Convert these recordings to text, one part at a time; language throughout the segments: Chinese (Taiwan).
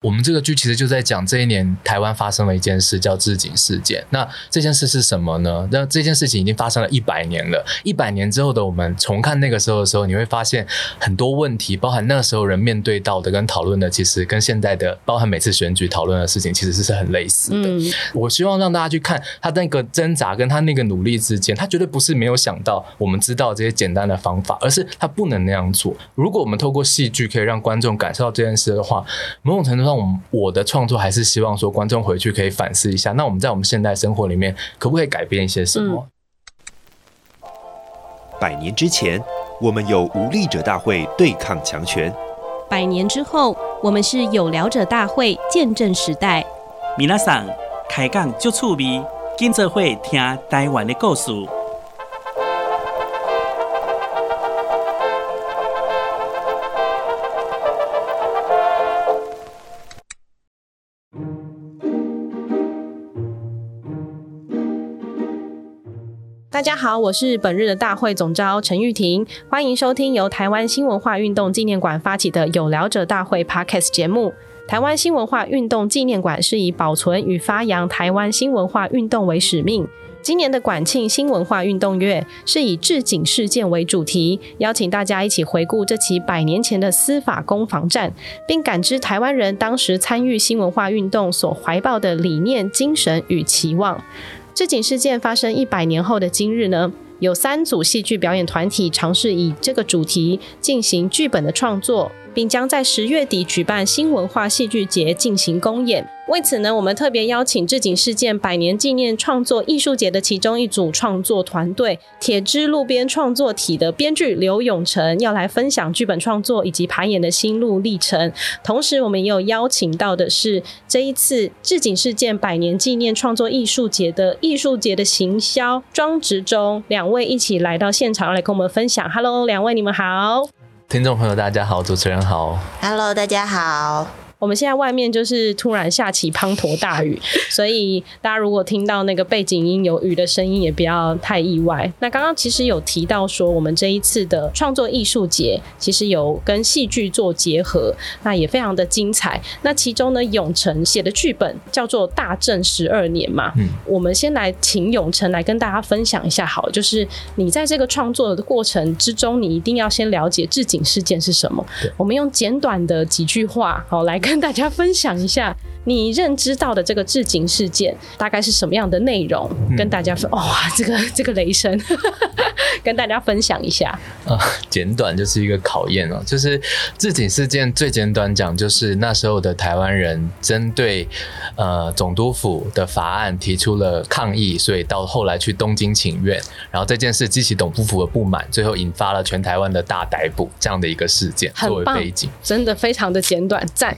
我們這個劇其實就在講這一年臺灣發生了一件事，叫治警事件。那這件事是什麼呢？那這件事情已經發生了一百年了。一百年之後的我們重看那個時候的時候，你會發現很多問題，包含那個時候人面對到的跟討論的，其實跟現在的包含每次選舉討論的事情，其實是很類似的。嗯。我希望讓大家去看他那個掙扎跟他那個努力之間，他絕對不是沒有想到我們知道這些簡單的方法，而是他不能那樣做。如果我們透過戲劇可以讓觀眾感受到這件事的話，某種程度上。那我我的創作還是希望說，觀眾回去可以反思一下。那我們在我們現代生活裡面，可不可以改變一些什麼？嗯、百年之前，我們有無力者大會對抗強權；百年之後，我們是有聊者大會見證時代。米娜桑開講就趣味，金澤會聽台灣的故事。大家好，我是本日的大會總召陳玉婷，歡迎收聽由台灣新文化運動紀念館發起的有聊者大會 Podcast 節目。台灣新文化運動紀念館是以保存與發揚台灣新文化運動為使命。今年的館慶新文化運動月是以治警事件為主題，邀請大家一起回顧這起百年前的司法攻防戰，並感知台灣人當時參與新文化運動所懷抱的理念、精神與期望。治警事件發生一百年後的今日呢，有三組戲劇表演團體嘗試以這個主題進行劇本的創作。並將在十月底舉辦新文化戲劇節進行公演。為此呢，我們特別邀請治警事件百年紀念創作藝術節的其中一組創作團隊——鐵支路邊創作體的編劇劉勇辰，要來分享劇本創作以及排演的心路歷程。同時，我們也有邀請到的是這一次治警事件百年紀念創作藝術節的藝術節的行銷莊執中，兩位一起來到現場來跟我們分享。Hello，兩位你們好。聽眾朋友，大家好，主持人好，Hello，大家好。我們現在外面就是突然下起滂沱大雨，所以大家如果聽到那個背景音有雨的聲音，也不要太意外。那剛剛其實有提到說，我們這一次的創作藝術節其實有跟戲劇做結合，那也非常的精彩。那其中呢，勇辰寫的劇本叫做《大正十二年》嘛，嗯，我們先來請勇辰來跟大家分享一下，好，就是你在這個創作的過程之中，你一定要先了解治警事件是什麼。我們用簡短的幾句話，好來。跟大家分享一下。你認知到的這個治警事件大概是什麼樣的內容，嗯？跟大家說，哦，哇這個這個雷聲， 跟大家分享一下。呃，簡短就是一個考驗哦，就是治警事件最簡短講，就是那時候的台灣人針對呃總督府的法案提出了抗議，所以到後來去東京請願，然後這件事激起總督府的不滿，最後引發了全台灣的大逮捕這樣的一個事件。很棒，作為背景，真的非常的簡短，讚。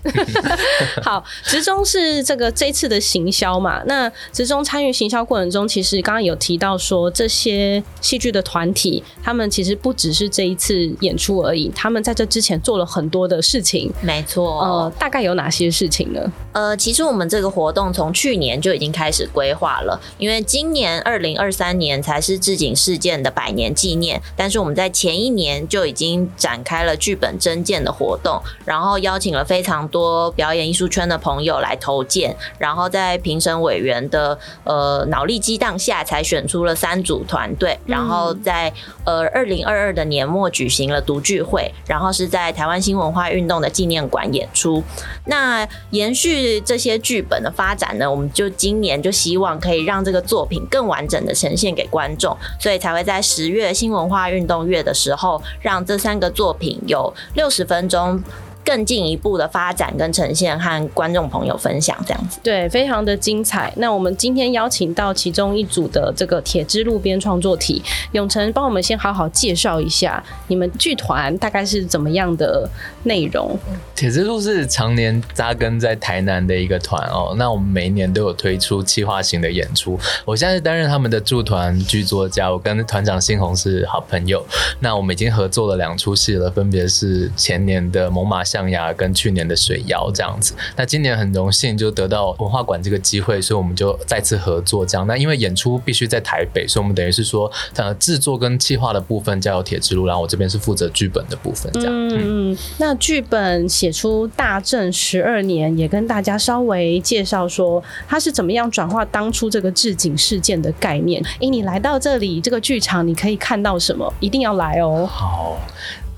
好，執中。是這個這次的行銷嘛，那執中參與行銷過程中，其實剛剛有提到說，這些戲劇的團體，他們其實不只是這一次演出而已，他們在這之前做了很多的事情。沒錯，呃，大概有哪些事情呢？呃，其實我們這個活動從去年就已經開始規劃了，因為今年二零二三年才是治警事件的百年紀念，但是我們在前一年就已經展開了劇本徵件的活動，然後邀請了非常多表演藝術圈的朋友。來投件，然後在評審委員的呃腦力激盪下，才選出了三組團隊，嗯，然後在呃二零二二的年末舉行了讀劇會，然後是在台灣新文化運動的紀念館演出。那延續這些劇本的發展呢，我們就今年就希望可以讓這個作品更完整的呈現給觀眾，所以才會在十月新文化運動月的時候，讓這三個作品有六十分鐘，更進一步的發展跟呈現，和觀眾朋友分享這樣子，對，非常的精彩。那我們今天邀請到其中一組的這個鐵支路邊創作體，勇辰幫我們先好好介紹一下你們劇團大概是怎麼樣的內容？鐵、嗯、支路是常年扎根在台南的一個團哦，那我們每一年都有推出企劃型的演出。我現在是擔任他們的駐團劇作家，我跟團長姓洪是好朋友。那我們已經合作了兩出戲了，分別是前年的猛獁。象牙跟去年的水妖這樣子，那今年很榮幸就得到文化館這個機會，所以我們就再次合作這樣。那因為演出必須在台北，所以我們等於是說，呃，製作跟企劃的部分交由鐵之路，然後我這邊是負責劇本的部分這樣嗯。嗯，那劇本寫出大正十二年，也跟大家稍微介紹說他是怎麼樣轉化當初這個治警事件的概念。哎、欸，你來到這裡這個劇場，你可以看到什麼？一定要來哦！好。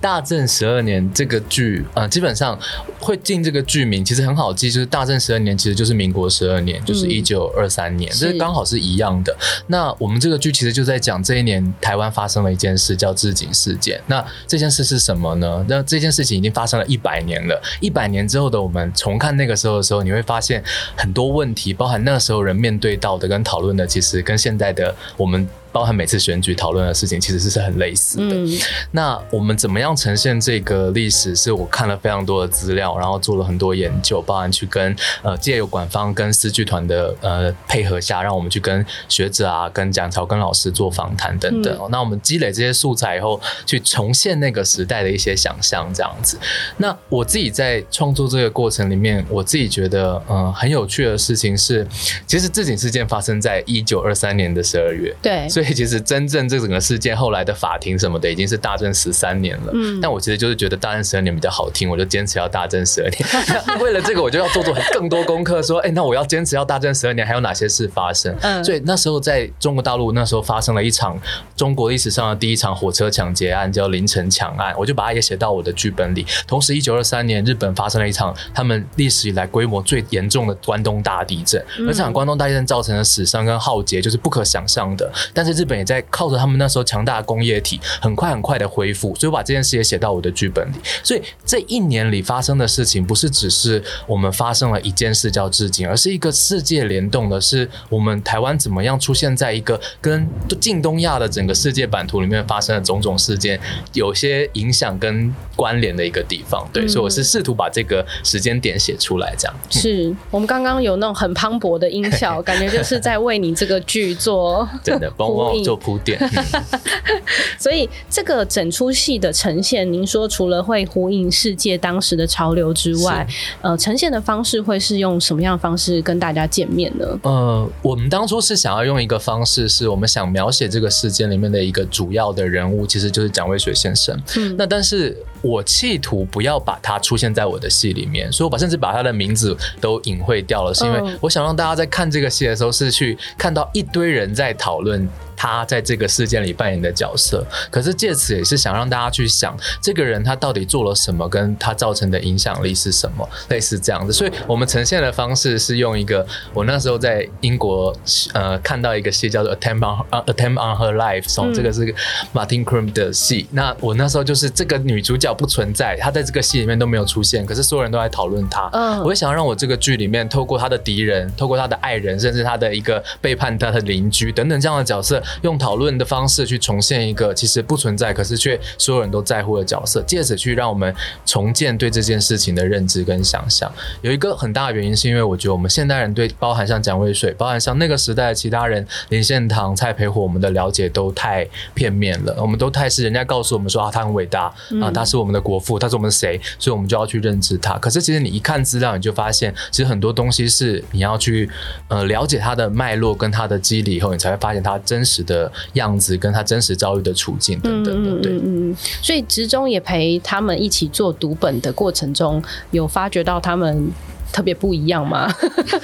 大正十二年這個劇，呃，基本上會進這個劇名，其實很好記，就是大正十二年其實就是民國十二年、嗯，就是一九二三年，其實剛好是一樣的。那我們這個劇其實就在講這一年台灣發生了一件事，叫治警事件。那這件事是什麼呢？那這件事情已經發生了一百年了，一百年之後的我們重看那個時候的時候，你會發現很多問題，包含那個時候人面對到的跟討論的，其實跟現在的我們。包含每次選舉討論的事情，其實是很類似的。嗯、那我們怎麼樣呈現這個歷史？是我看了非常多的資料，然後做了很多研究，包含去跟呃借由館方跟戲劇團的呃配合下，讓我們去跟學者啊、跟蔣朝根老師做訪談等等、嗯。那我們積累這些素材以後，去重現那個時代的一些想象，這樣子。那我自己在創作這個過程裡面，我自己覺得嗯、呃、很有趣的事情是，其實治警事件發生在一九二三年的十二月，對，所以。所以其實真正這整個事件後來的法庭什麼的已經是大正十三年了。嗯。但我其實就是覺得大正十二年比較好聽，我就堅持要大正十二年。 為了這個，我就要做做更多功課，說，哎、 欸，那我要堅持要大正十二年，還有哪些事發生？嗯。所以那時候在中國大陸，那時候發生了一場中國歷史上的第一場火車搶劫案，叫凌晨搶案，我就把它也寫到我的劇本裡。同時，一九二三年日本發生了一場他們歷史以來規模最嚴重的關東大地震，嗯、而這場關東大地震造成的死傷跟浩劫就是不可想象的。但是日本也在靠着他們那時候強大的工業體，很快很快的恢復，所以我把這件事也寫到我的劇本裡。所以這一年裡發生的事情，不是只是我們發生了一件事叫“治警”，而是一個世界聯動的，是我們台灣怎麼樣出現在一個跟近東亞的整個世界版圖裡面發生的種種事件，有些影響跟關聯的一個地方。對，嗯、所以我是試圖把這個時間點寫出來，這樣。是、嗯、我們剛剛有那種很磅礴的音效， 感覺就是在為你這個劇做 真的幫我。 做鋪墊， 哦嗯、 所以這個整出戲的呈現，您說除了會呼應世界當時的潮流之外，呃，呈現的方式會是用什麼樣的方式跟大家見面呢？呃，我們當初是想要用一個方式，是我們想描寫這個事件裡面的一個主要的人物，其實就是蔣渭水先生。嗯，那但是我企圖不要把他出現在我的戲裡面，所以我把甚至把他的名字都隱晦掉了，是因為我想讓大家在看這個戲的時候是去看到一堆人在討論。他在這個事件裡扮演的角色，可是借此也是想讓大家去想這個人他到底做了什麼，跟他造成的影響力是什麼，類似這樣子。所以我們呈現的方式是用一個我那時候在英國呃看到一個戲叫做《Attempt on, Attempt on Her Life》，嗯，這個是 Martin Crimp 的戲。那我那時候就是這個女主角不存在，她在這個戲裡面都沒有出現，可是所有人都在討論她。嗯，我也想要讓我這個劇裡面透過她的敵人，透過她的愛人，甚至她的一個背叛她的鄰居等等這樣的角色。用討論的方式去重現一個其實不存在，可是卻所有人都在乎的角色，借此去讓我們重建對這件事情的認知跟想象。有一個很大的原因，是因為我覺得我們現代人對包含像蔣渭水，包含像那個時代的其他人，林獻堂、蔡培火，我們的了解都太片面了。我們都太是人家告訴我們說啊，他很偉大，啊，他是我們的國父，他是我們誰，所以我們就要去認知他。嗯。可是其實你一看資料，你就發現，其實很多東西是你要去呃了解他的脈絡跟他的肌理以後，你才會發現他真實的樣子，跟他真實遭遇的處境等等，嗯嗯嗯嗯對，所以執中也陪他們一起做讀本的過程中，有發覺到他們特別不一樣嗎？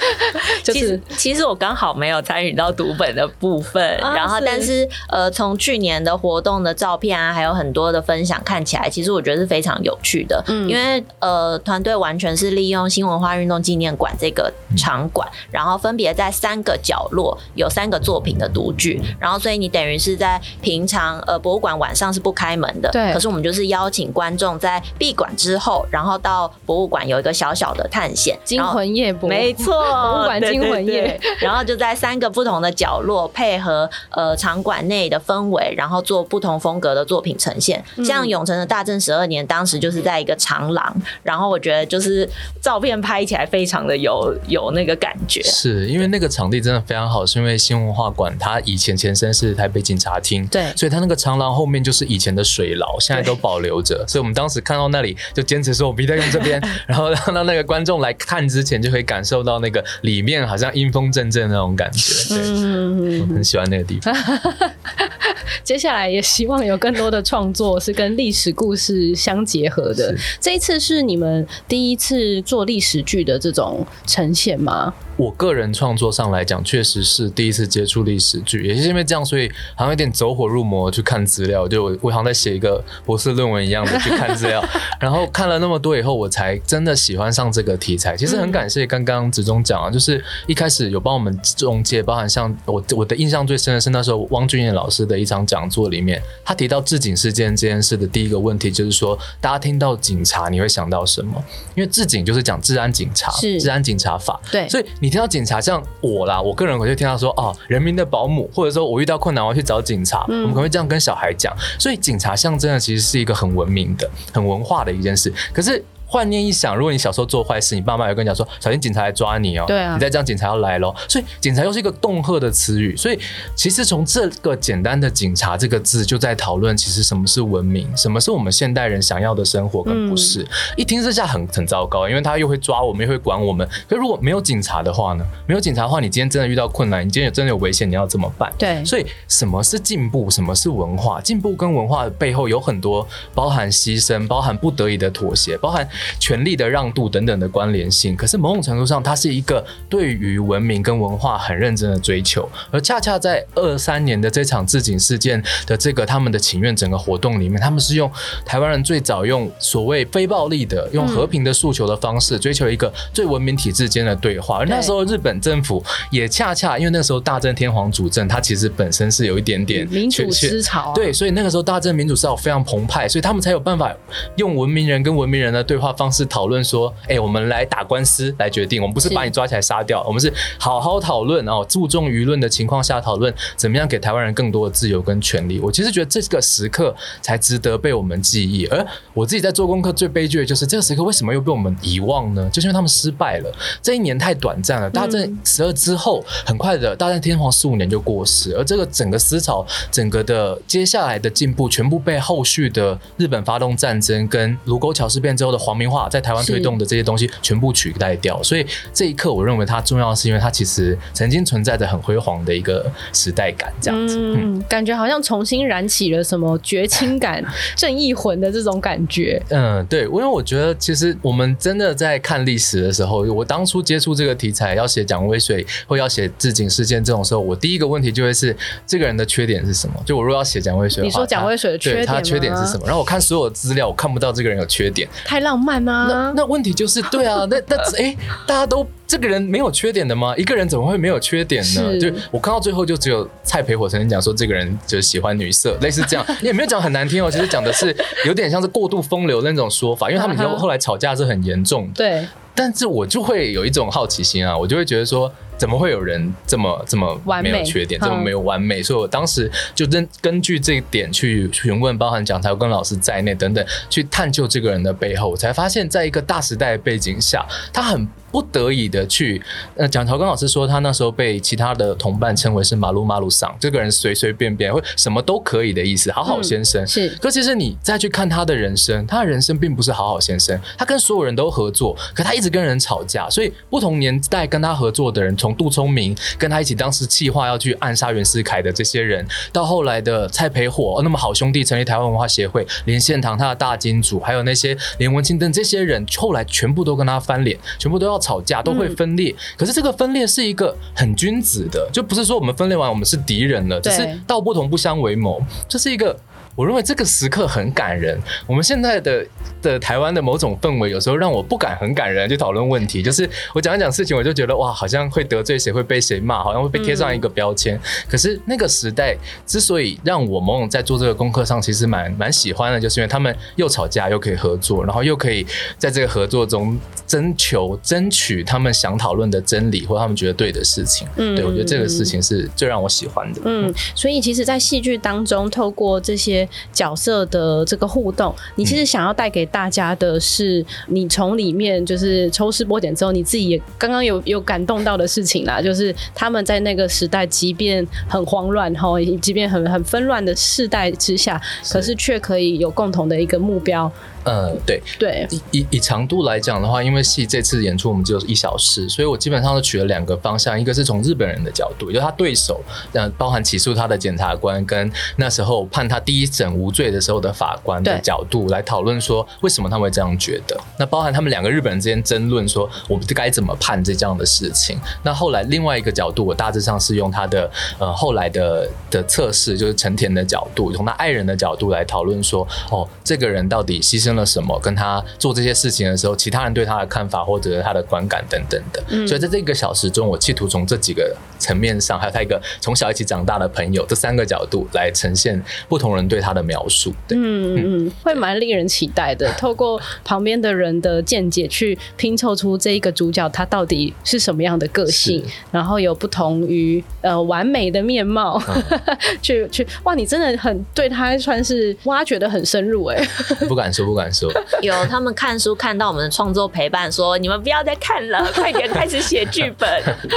就是其實,其實我剛好沒有參與到讀本的部分，啊、然後但是呃從去年的活動的照片啊，還有很多的分享，看起來其實我覺得是非常有趣的。嗯，因為呃團隊完全是利用新文化運動紀念館這個場館、嗯，然後分別在三個角落有三個作品的讀劇。然後所以你等於是在平常呃博物館晚上是不開門的，對，可是我們就是邀請觀眾在閉館之後，然後到博物館有一個小小的探險。驚魂夜博，沒錯，博物館驚魂夜，對對對，然後就在三個不同的角落 配合呃場館內的氛圍，然後做不同風格的作品呈現。嗯、像勇辰的大正十二年，當時就是在一個長廊，然後我覺得就是照片拍起來非常的有有那個感覺是個，是因為那個場地真的非常好，是因為新文化館它以前前身是台北警察廳，對，所以它那個長廊後面就是以前的水牢，現在都保留着，所以我們當時看到那裡就堅持說我們一定要用這邊， 然後讓那個觀眾來看。看之前就可以感受到那個裡面好像陰風陣陣那種感覺，對，嗯，我很喜歡那個地方。 接下來也希望有更多的創作是跟歷史故事相結合的。這一次是你們第一次做歷史劇的這種呈現嗎？我個人創作上來講，確實是第一次接觸歷史劇，也是因為這樣，所以好像有點走火入魔去看資料，就我我好像在寫一個博士論文一樣的去看資料， 然後看了那麼多以後，我才真的喜歡上這個題材。其實很感謝剛剛執中講啊、嗯，就是一開始有幫我們中介，包含像我我的印象最深的是那時候汪俊彥老師的一場講座裡面，他提到治警事件這件事的第一個問題就是說，大家聽到警察你會想到什麼？因為治警就是講治安警察，治安警察法，對，所以你。你聽到警察，像我啦，我個人我就聽到說，哦，人民的保姆，或者說我遇到困難我要去找警察，嗯、我們可能會這樣跟小孩講，所以警察象徵的其實是一個很文明的、很文化的一件事，可是。換念一想，如果你小時候做壞事，你爸媽又跟你講說小心警察來抓你哦、喔，對啊，你再這樣警察要來咯。所以警察又是一個恫嚇的詞語。所以其實從這個簡單的“警察”這個字，就在討論其實什麼是文明，什麼是我們現代人想要的生活，跟不是、嗯。一聽這下很很糟糕，因為他又會抓我們，又會管我們。可如果沒有警察的話呢？沒有警察的話，你今天真的遇到困難，你今天真的有危險，你要怎麼辦？對，所以什麼是進步？什麼是文化？進步跟文化的背後有很多包含犧牲，包含不得已的妥協，包含。權力的讓渡等等的關聯性，可是某種程度上，它是一個對於文明跟文化很認真的追求。而恰恰在二三年的這場治警事件的這個他們的請願整個活動裡面，他們是用台灣人最早用所謂非暴力的、用和平的訴求的方式追求一個最文明體制間的對話。而那時候日本政府也恰恰因為那時候大正天皇主政，他其實本身是有一點點民主思潮，對，所以那個時候大正民主思潮非常澎湃，所以他們才有辦法用文明人跟文明人的對話。方式討論說，哎、欸，我們來打官司來決定，我們不是把你抓起來殺掉，我們是好好討論啊，注重輿論的情況下討論，怎麼樣給台灣人更多的自由跟權利。我其實覺得這個時刻才值得被我們記憶，而我自己在做功課最悲劇的就是這個時刻為什麼又被我們遺忘呢？就是因為他們失敗了，這一年太短暫了。大正十二之後，很快的，大正天皇十五年就過世，而這個整個思潮，整個的接下來的進步，全部被後續的日本發動戰爭跟盧溝橋事變之後的皇。名畫在台灣推動的這些東西全部取代掉，所以這一刻我認為它重要，是因為它其實曾經存在着很輝煌的一個時代感，這樣子、嗯、感覺好像重新燃起了什麼絕情感、 正義魂的這種感覺。嗯，對，因為我覺得其實我們真的在看歷史的時候，我當初接觸這個題材要寫蔣渭水或要寫治警事件這種時候，我第一個問題就會是這個人的缺點是什麼？就我如果要寫蔣渭水的話，你說蔣渭水的缺點，他的缺點是什麼？然後我看所有的資料，我看不到這個人有缺點，太浪漫。那那問題就是對啊，那那誒、欸，大家都這個人沒有缺點的嗎？一個人怎麼會沒有缺點呢？對我看到最後就只有蔡培火曾經講說，這個人就是喜歡女色，類似這樣，你也沒有講很難聽哦。 其實講的是有點像是過度風流那種說法，因為他們後後來吵架是很嚴重的。對、uh-huh.，但是我就會有一種好奇心啊，我就會覺得說。怎麼會有人這麼這麼沒有缺點，這麼沒有完美？嗯、所以我當時就根根據這一點去詢問，包含蔣朝根老師在內等等，去探究這個人的背後，我才發現在一個大時代的背景下，他很不得已的去。呃、蔣朝根老師說，他那時候被其他的同伴稱為是馬路馬路桑，這個人隨隨便便會什麼都可以的意思，好好先生、嗯。是。可其實你再去看他的人生，他的人生並不是好好先生，他跟所有人都合作，可他一直跟人吵架，所以不同年代跟他合作的人從杜聰明跟他一起，當時計劃要去暗殺袁世凱的這些人，到後來的蔡培火，那麼好兄弟成立台灣文化協會，林獻堂，他的大金主，還有那些連溫卿等這些人，後來全部都跟他翻臉，全部都要吵架，都會分裂、嗯。可是這個分裂是一個很君子的，就不是說我們分裂完我們是敵人了，就是道不同不相為謀，這是一個。我認為這個時刻很感人。我們現在的的台灣的某種氛圍，有時候讓我不敢很感人去討論問題。就是我講一講事情，我就覺得哇，好像會得罪誰，會被誰罵，好像會被貼上一個標籤、嗯。可是那個時代之所以讓我夢在做這個功課上，其實蠻蠻喜歡的，就是因為他們又吵架又可以合作，然後又可以在這個合作中徵求、爭取他們想討論的真理，或者他們覺得對的事情。嗯，對，我覺得這個事情是最讓我喜歡的。嗯，嗯所以其實，在戲劇當中，透過這些。角色的這個互動，你其實想要帶給大家的是，嗯、你從裡面就是抽絲剝繭之後，你自己也剛剛有有感動到的事情啦，就是他們在那個時代即，即便很慌亂齁，即便很很紛亂的世代之下，是可是卻可以有共同的一個目標。呃，對，對，以以以長度來講的話，因為戲這次演出我們就一小時，所以我基本上都取了兩個方向，一個是從日本人的角度，就是他對手，呃，包含起訴他的檢察官跟那時候判他第一審無罪的時候的法官的角度來討論說，為什麼他會這樣覺得。那包含他們兩個日本人之間爭論說，我們該怎麼判這，這樣的事情。那後來另外一個角度，我大致上是用他的呃後來的的側室，就是陳甜的角度，從他愛人的角度來討論說，哦，這個人到底犧牲了。什麼跟他做這些事情的時候，其他人對他的看法或者他的觀感等等的，嗯、所以在這一個小時中，我企圖從這幾個。層面上，還有他一個從小一起長大的朋友，這三個角度來呈現不同人對他的描述。對，嗯嗯，會蠻令人期待的。透過旁邊的人的見解去拼湊出這一個主角，他到底是什麼樣的個性，然後有不同於呃完美的面貌。嗯、 去去，哇，你真的很對他算是挖掘得很深入哎。 不敢說，不敢說。有他們看書看到我們的創作陪伴說，說你們不要再看了， 快點開始寫劇本，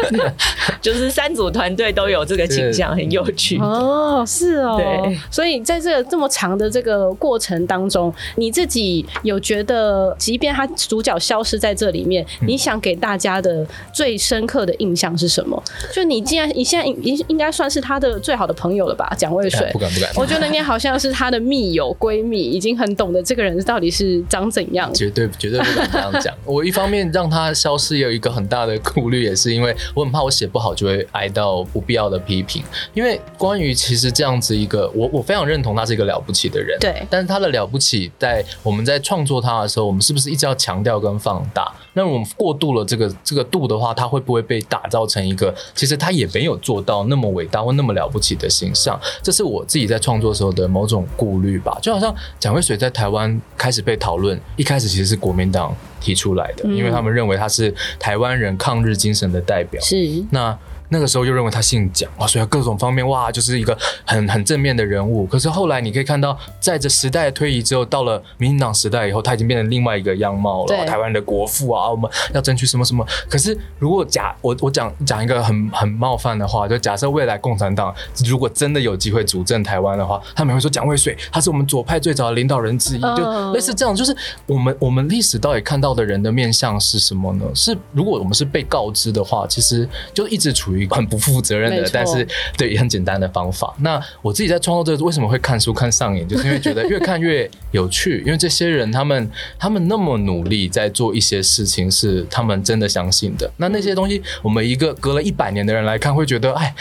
就是。三組團隊都有這個傾向，很有趣哦，是哦，對，所以在這個、這麼長的這個過程當中，你自己有覺得，即便他主角消失在這裡面、嗯，你想給大家的最深刻的印象是什麼？就你既然你現在應應該算是他的最好的朋友了吧？蔣渭水、啊、不敢不敢，我覺得你好像是他的密友閨蜜，已經很懂得這個人到底是長怎樣。絕對絕對不敢這樣講。 我一方面讓他消失，有一個很大的顧慮，也是因為我很怕我寫不好就會。挨到不必要的批評，因為關於其實這樣子一個我我非常認同他是一個了不起的人，對。但是他的了不起在我們在創作他的時候，我們是不是一直要強調跟放大？那我們過度了這個這個度的話，他會不會被打造成一個其實他也沒有做到那麼偉大或那麼了不起的形象？這是我自己在創作的時候的某種顧慮吧。就好像蔣渭水在台灣開始被討論，一開始其實是國民黨提出來的、嗯，因為他們認為他是台灣人抗日精神的代表。是那。那個時候又認為他姓蔣哇、哦，所以各種方面哇，就是一個很很正面的人物。可是後來你可以看到，在這時代的推移之後，到了民進黨時代以後，他已經變成另外一個樣貌了。台灣的國父啊，我們要爭取什麼什麼。可是如果假我我講講一個很很冒犯的話，就假設未來共產黨如果真的有機會主政台灣的話，他們會說蔣渭水他是我們左派最早的領導人之一，就類似這樣。就是我們我們歷史到底看到的人的面相是什麼呢？是如果我們是被告知的話，其實就一直處於。很不負責任的，但是對也很簡單的方法。那我自己在創作這個、為什麼會看書看上癮，就是因為覺得越看越有趣。 因為這些人他們他們那麼努力在做一些事情，是他們真的相信的。那那些東西，我們一個隔了一百年的人來看，會覺得哎，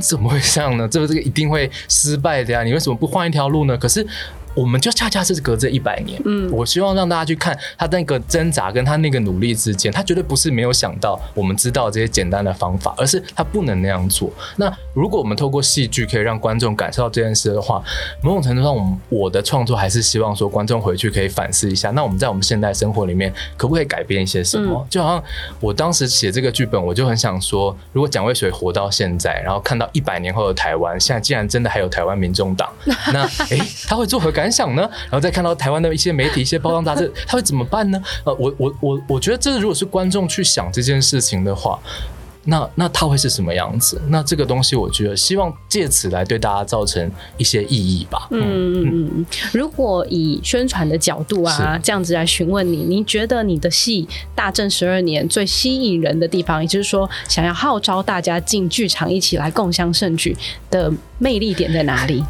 怎麼會這樣呢？這個這個一定會失敗的呀，你為什麼不換一條路呢？可是。我們就恰恰是隔着一百年，嗯，我希望讓大家去看他那個掙扎跟他那個努力之間，他絕對不是沒有想到我們知道這些簡單的方法，而是他不能那樣做。那如果我們透過戲劇可以讓觀眾感受到這件事的話，某種程度上，我我的創作還是希望說，觀眾回去可以反思一下，那我們在我們現代生活裡面可不可以改變一些什麼？嗯、就好像我當時寫這個劇本，我就很想說，如果蔣渭水活到現在，然後看到一百年後的台灣，現在竟然真的還有台灣民眾黨，那誒、欸，他會作何感？ 感想呢？然後再看到台灣的一些媒體、一些包裝雜誌，他會怎麼辦呢？ 呃，我、我、我，我覺得這如果是觀眾去想這件事情的話，那那他會是什麼樣子？那這個東西，我覺得希望借此來對大家造成一些意義吧。嗯嗯嗯。如果以宣傳的角度啊，這樣子來詢問你，你覺得你的戲《大正十二年》最吸引人的地方，也就是說，想要號召大家進劇場一起來共襄盛舉的？魅力點在哪裡？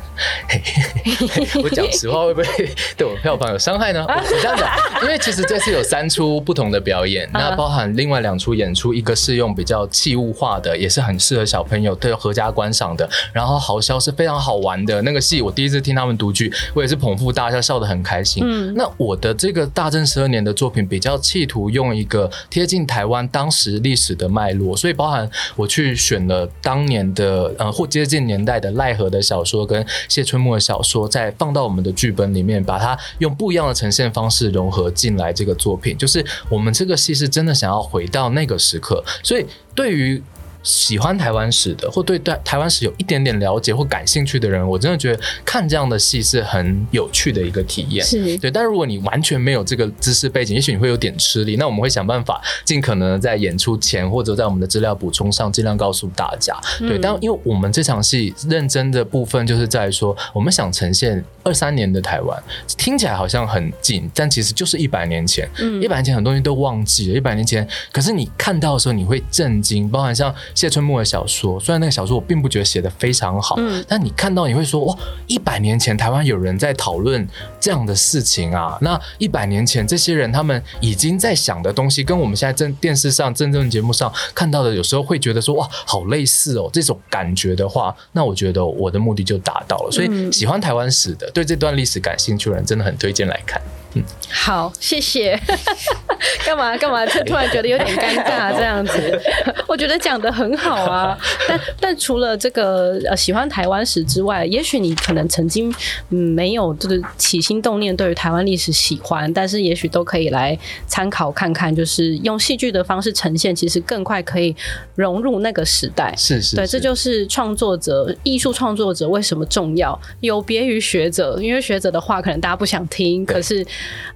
我講實話會不會對我票房有傷害呢？ 我是這樣講，因為其實這次有三出不同的表演，那包含另外兩出演出，一個是用比較器物化的，也是很適合小朋友對合家觀賞的；然後好笑是非常好玩的那個戲，我第一次聽他們讀劇，我也是捧腹大笑，笑得很開心。嗯，那我的這個大正十二年的作品，比較企圖用一個貼近台灣當時歷史的脈絡，所以包含我去選了當年的呃或接近年代的。賴和的小說跟謝春木的小說，再放到我們的劇本裡面，把它用不一樣的呈現方式融合進來。這個作品就是我們這個戲是真的想要回到那個時刻，所以對於。喜歡台灣史的，或對台台灣史有一點點了解或感興趣的人，我真的覺得看這樣的戲是很有趣的一個體驗。是，對。但如果你完全沒有這個知識背景，也許你會有點吃力。那我們會想辦法，盡可能在演出前或者在我們的資料補充上，儘量告訴大家。嗯。對。但因為我們這場戲認真的部分，就是在說我們想呈現二三年的台灣，聽起來好像很近，但其實就是一百年前。嗯。一百年前很多東西都忘記了。一百年前，可是你看到的時候，你會震驚，包含像。謝春木的小說，雖然那個小說我並不覺得寫得非常好，嗯，但你看到你會說哇，一百年前台灣有人在討論這樣的事情啊。那一百年前這些人他們已經在想的東西，跟我們現在正電視上真正節目上看到的，有時候會覺得說哇，好類似哦，這種感覺的話，那我覺得我的目的就達到了。所以喜歡台灣史的，嗯，對這段歷史感興趣的人，真的很推薦來看。嗯，好，謝謝。 幹嘛幹嘛？就突然覺得有點尷尬，這樣子。 我覺得講得很好啊。但但除了這個呃喜歡台灣史之外，也許你可能曾經沒有就是起心動念對於台灣歷史喜歡，但是也許都可以來參考看看，就是用戲劇的方式呈現，其實更快可以融入那個時代。是是，是，對，這就是創作者、藝術創作者為什麼重要，有別於學者，因為學者的話可能大家不想聽，可是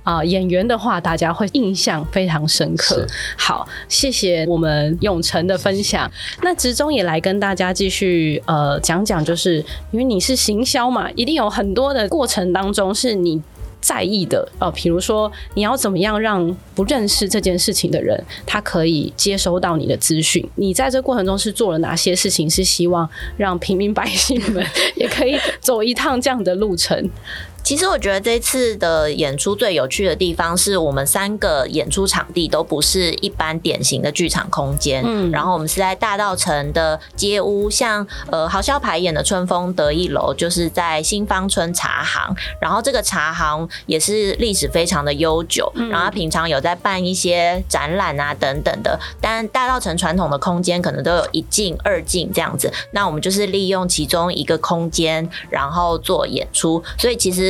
啊、呃，演員的話大家會印象非常深刻，好，謝謝我們勇辰的分享。那執中也來跟大家繼續呃講講，就是因為你是行銷嘛，一定有很多的過程當中是你在意的哦、呃，比如說你要怎麼樣讓不認識這件事情的人，他可以接收到你的資訊。你在這過程中是做了哪些事情？是希望讓平民百姓們也可以走一趟這樣的路程？ 其實我覺得這次的演出最有趣的地方是我們三個演出場地都不是一般典型的劇場空間，嗯，然後我們是在大稻埕的街屋，像呃豪肖排演的《春風得意樓》就是在新芳春茶行，然後這個茶行也是歷史非常的悠久，嗯、然後他平常有在辦一些展覽啊等等的，但大稻埕傳統的空間可能都有一進二進這樣子，那我們就是利用其中一個空間，然後做演出，所以其實。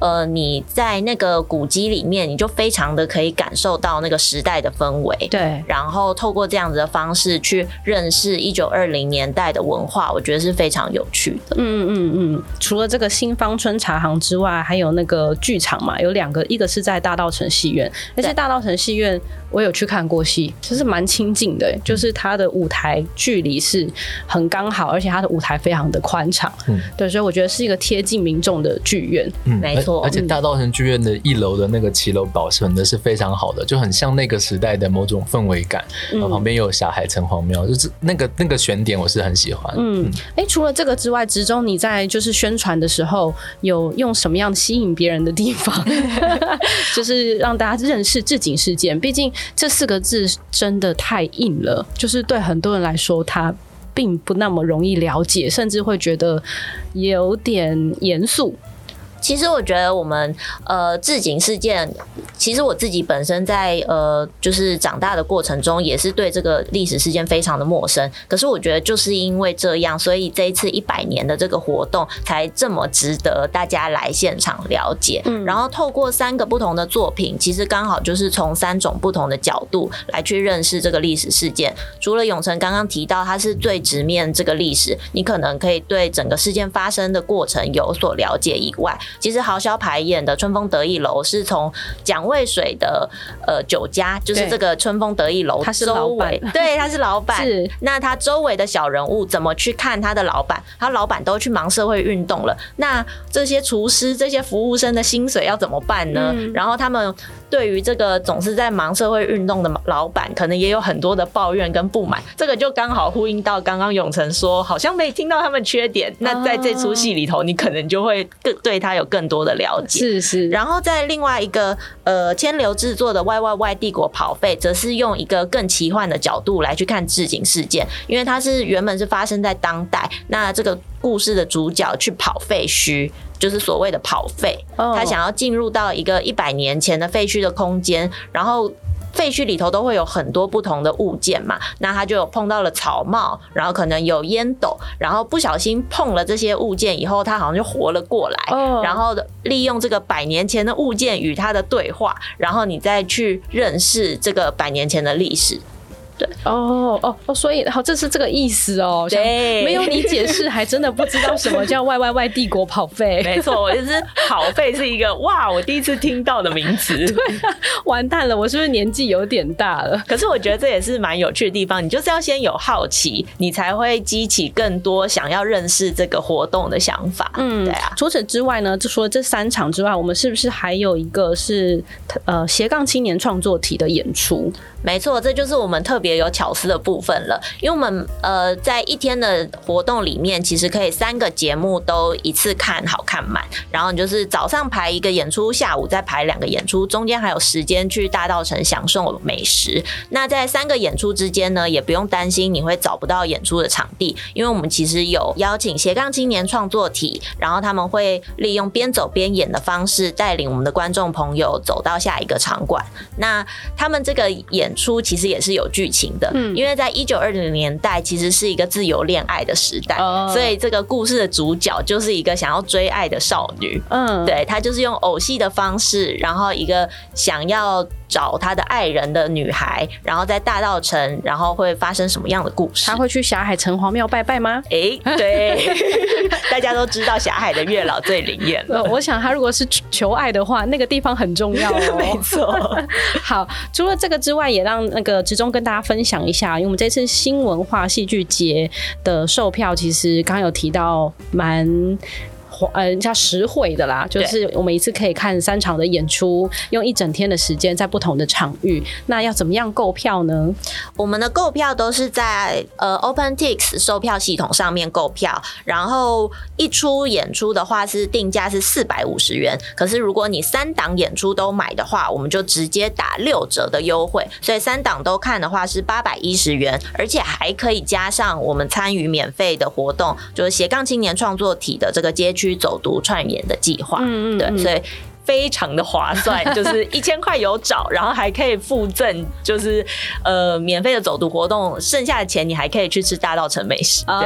呃，你在那個古蹟裡面，你就非常的可以感受到那個時代的氛圍。對。然後透過這樣子的方式去認識一九二零年代的文化，我覺得是非常有趣的。嗯嗯嗯嗯。除了這個新芳春茶行之外，還有那個劇場嘛，有兩個，一個是在大稻埕戲院，而且大稻埕戲院我有去看過戲，其實蠻親近的、欸嗯，就是它的舞台距離是很剛好，而且它的舞台非常的寬敞。嗯。對，所以我覺得是一個貼近民眾的劇院。嗯，沒錯。而且大稻埕劇院的一樓的那個騎樓保存的是非常好的，就很像那個時代的某種氛圍感。然、嗯、後旁邊又有霞海城隍廟，就是那個那個選點，我是很喜歡。嗯，哎、嗯欸，除了這個之外，執中你在就是宣傳的時候有用什麼樣吸引別人的地方？ 就是讓大家認識“治警事件”。畢竟這四個字真的太硬了，就是對很多人來說，它並不那麼容易了解，甚至會覺得有點嚴肅。其實我覺得我們呃，治警事件，其實我自己本身在呃，就是長大的過程中，也是對這個歷史事件非常的陌生。可是我覺得就是因為這樣，所以這一次一百年的這個活動才這麼值得大家來現場了解。嗯，然後透過三個不同的作品，其實剛好就是從三種不同的角度來去認識這個歷史事件。除了勇辰剛剛提到他是最直面這個歷史，你可能可以對整個事件發生的過程有所了解以外。其實豪肖排演的《春風得意樓》是從蔣渭水的呃酒家，就是這個《春風得意樓》他是老闆，對，他是老闆。 是那他周圍的小人物怎麼去看他的老闆？他老闆都去忙社會運動了，那這些廚師、這些服務生的薪水要怎麼辦呢？嗯、然後他們對於這個總是在忙社會運動的老闆，可能也有很多的抱怨跟不滿。 這個就剛好呼應到剛剛勇辰說，好像沒聽到他們缺點。那在這出戲裡頭，你可能就會更對他有。有更多的了解，是是，然後在另外一個呃，千流製作的《Y Y Y 帝國跑廢》則是用一個更奇幻的角度來去看治警事件，因為它是原本是發生在當代，那這個故事的主角去跑廢墟，就是所謂的跑廢，oh. 他想要進入到一個一百年前的廢墟的空間，然後。廢墟裡頭都會有很多不同的物件嘛，那他就有碰到了草帽，然後可能有煙斗，然後不小心碰了這些物件以後，他好像就活了過來，Oh. 然後利用這個百年前的物件與他的對話，然後你再去認識這個百年前的歷史。哦哦哦，所以好，哦，這是這個意思哦。對，沒有你解釋， 還真的不知道什麼叫外外外帝國跑費。沒錯，我就是跑費是一個哇，我第一次聽到的名詞。對，完蛋了，我是不是年紀有點大了？可是我覺得這也是蠻有趣的地方。你就是要先有好奇，你才會激起更多想要認識這個活動的想法。嗯，對啊。除此之外呢，除了這三場之外，我們是不是還有一個是呃斜槓青年創作體的演出？沒錯，這就是我們特別。也有巧思的部分了。因為我們呃，在一天的活動裡面，其實可以三個節目都一次看好看滿。然後你就是早上排一個演出，下午再排兩個演出，中間還有時間去大稻埕享受美食。那在三個演出之間呢，也不用擔心你會找不到演出的場地，因為我們其實有邀請斜槓青年創作體，然後他們會利用邊走邊演的方式，帶領我們的觀眾朋友走到下一個場館。那他們這個演出其實也是有劇情。嗯，因為在一九二零年代其實是一個自由戀愛的時代，oh. 所以這個故事的主角就是一個想要追愛的少女，嗯、oh.，對她就是用偶戲的方式，然後一個想要。找他的愛人的女孩，然後在大稻埕，然後會發生什麼樣的故事？他會去霞海城隍廟拜拜嗎？哎、欸，對， 大家都知道霞海的月老最靈驗了、哦。我想他如果是求愛的話，那個地方很重要哦。 沒錯。好，除了這個之外，也讓那個執中跟大家分享一下，因為我們這次新文化戲劇節的售票，其實剛有提到，蠻，呃，叫實惠的啦，就是我們一次可以看三場的演出，用一整天的時間在不同的場域。那要怎麼樣購票呢？我們的購票都是在呃 OpenTix 售票系統上面購票。然後一出演出的話是定價是四百五十元，可是如果你三檔演出都買的話，我們就直接打六折的優惠。所以三檔都看的話是八百一十元，而且還可以加上我們參與免費的活動，就是斜槓青年創作體的這個街區，走讀串演的計劃，嗯嗯嗯，對，所以。非常的划算，就是一千塊有找， 然後還可以附贈，就是呃免費的走讀活動，剩下的錢你還可以去吃大稻埕美食啊、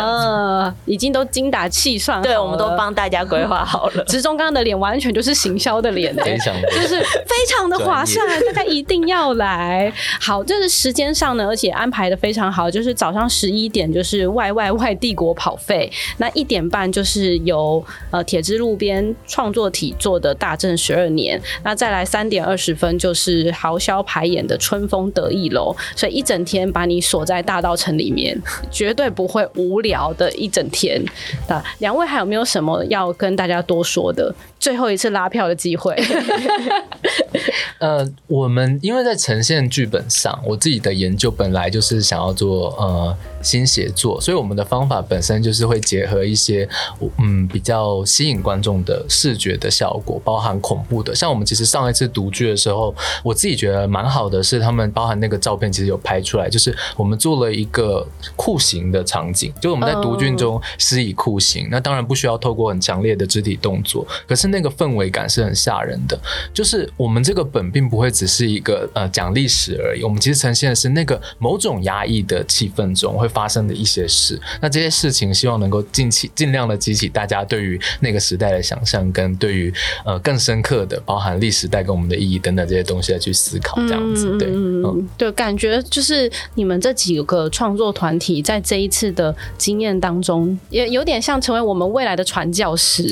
呃，已經都精打細算，對，我們都幫大家規劃好了。執 中剛剛的臉完全就是行銷的臉，就是非常的划算，大家一定要來。好，這、就是時間上呢，而且安排的非常好，就是早上十一點就是外外外帝國跑費，那一點半就是由呃鐵支路邊創作體做的大正十。十二年。那再來三點二十分就是嚎哮排演的春風得意樓，所以一整天把你鎖在大稻埕裡面，絕對不會無聊的一整天。那兩位還有沒有什麼要跟大家多說的？最後一次拉票的機會。 呃，我們因為在呈現劇本上，我自己的研究本來就是想要做呃。新寫作，所以我們的方法本身就是會結合一些，嗯，比較吸引觀眾的視覺的效果，包含恐怖的。像我們其實上一次讀劇的時候，我自己覺得蠻好的是，他們包含那個照片，其實有拍出來，就是我們做了一個酷刑的場景，就我們在讀劇中施以酷刑。Oh. 那當然不需要透過很強烈的肢體動作，可是那個氛圍感是很嚇人的。就是我們這個本並不會只是一個呃講歷史而已，我們其實呈現的是那個某種壓抑的氣氛中會發生的一些事，那這些事情希望能夠盡起盡量的激起大家對於那個時代的想象跟對於呃更深刻的包含歷史帶給我們的意義等等這些東西來去思考，這樣子，嗯、對。嗯，對，感覺就是你們這幾個創作團體在這一次的經驗當中，也有點像成為我們未來的傳教士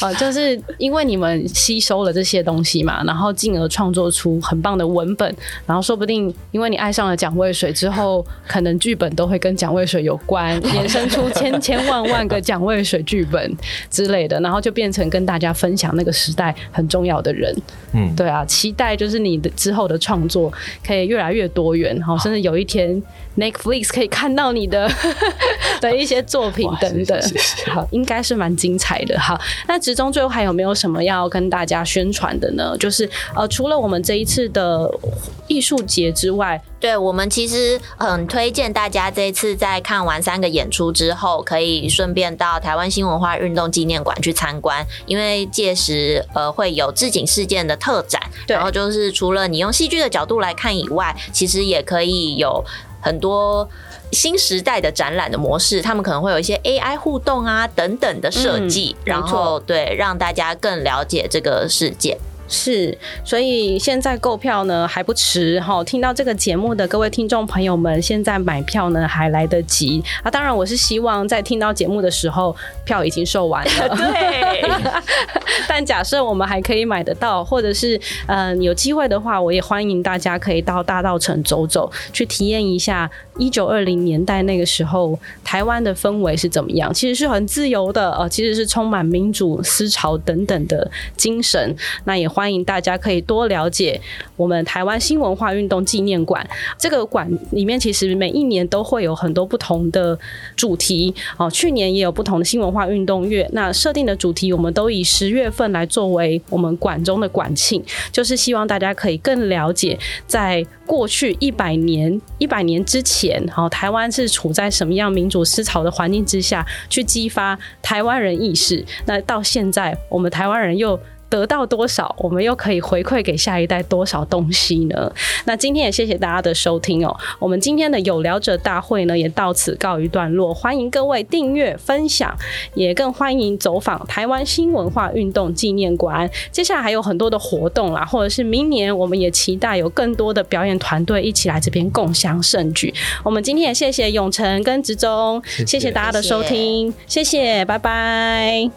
啊， 呃，就是因為你們吸收了這些東西嘛，然後進而創作出很棒的文本，然後說不定因為你愛上了蔣渭水之後，可能劇本都會跟。蔣渭水有關，衍生出千千萬萬個蔣渭水劇本之類的，然後就變成跟大家分享那個時代很重要的人。嗯，對啊，期待就是你的之後的創作可以越來越多元，好，甚至有一天 Netflix 可以看到你的 的一些作品等等，好，應該是蠻精彩的。好，那執中最後還有沒有什麼要跟大家宣傳的呢？就是呃，除了我們這一次的藝術節之外。對我們其實很推薦大家，這次在看完三個演出之後，可以順便到台灣新文化運動紀念館去參觀，因為屆時呃會有治警事件的特展，然後就是除了你用戲劇的角度來看以外，其實也可以有很多新時代的展覽的模式，他們可能會有一些 AI 互動啊等等的設計，嗯、沒錯，然後對，讓大家更了解這個世界。是，所以現在購票呢還不遲哈。聽到這個節目的各位聽眾朋友們，現在買票呢還來得及啊。當然，我是希望在聽到節目的時候票已經售完了。對， 但假設我們還可以買得到，或者是嗯、呃，有機會的話，我也歡迎大家可以到大稻埕走走，去體驗一下一九二零年代那個時候台灣的氛圍是怎麼樣。其實是很自由的，呃，其實是充滿民主思潮等等的精神。那也歡。歡迎大家可以多了解我們台灣新文化運動紀念館。這個館裡面其實每一年都會有很多不同的主題哦。去年也有不同的新文化運動月，那設定的主題我們都以十月份來作為我們館中的館慶，就是希望大家可以更了解在過去一百年、一百年之前，好、哦，台灣是處在什麼樣民主思潮的環境之下去激發台灣人意識。那到現在，我們台灣人又。得到多少，我們又可以回饋給下一代多少東西呢？那今天也謝謝大家的收聽哦、喔。我們今天的有聊者大會呢，也到此告一段落。歡迎各位訂閱分享，也更歡迎走訪台灣新文化運動紀念館。接下來還有很多的活動啦，或者是明年我們也期待有更多的表演團隊一起來這邊共襄盛舉。我們今天也謝謝勇辰跟執中，謝謝，謝謝大家的收聽，謝謝，謝謝拜拜。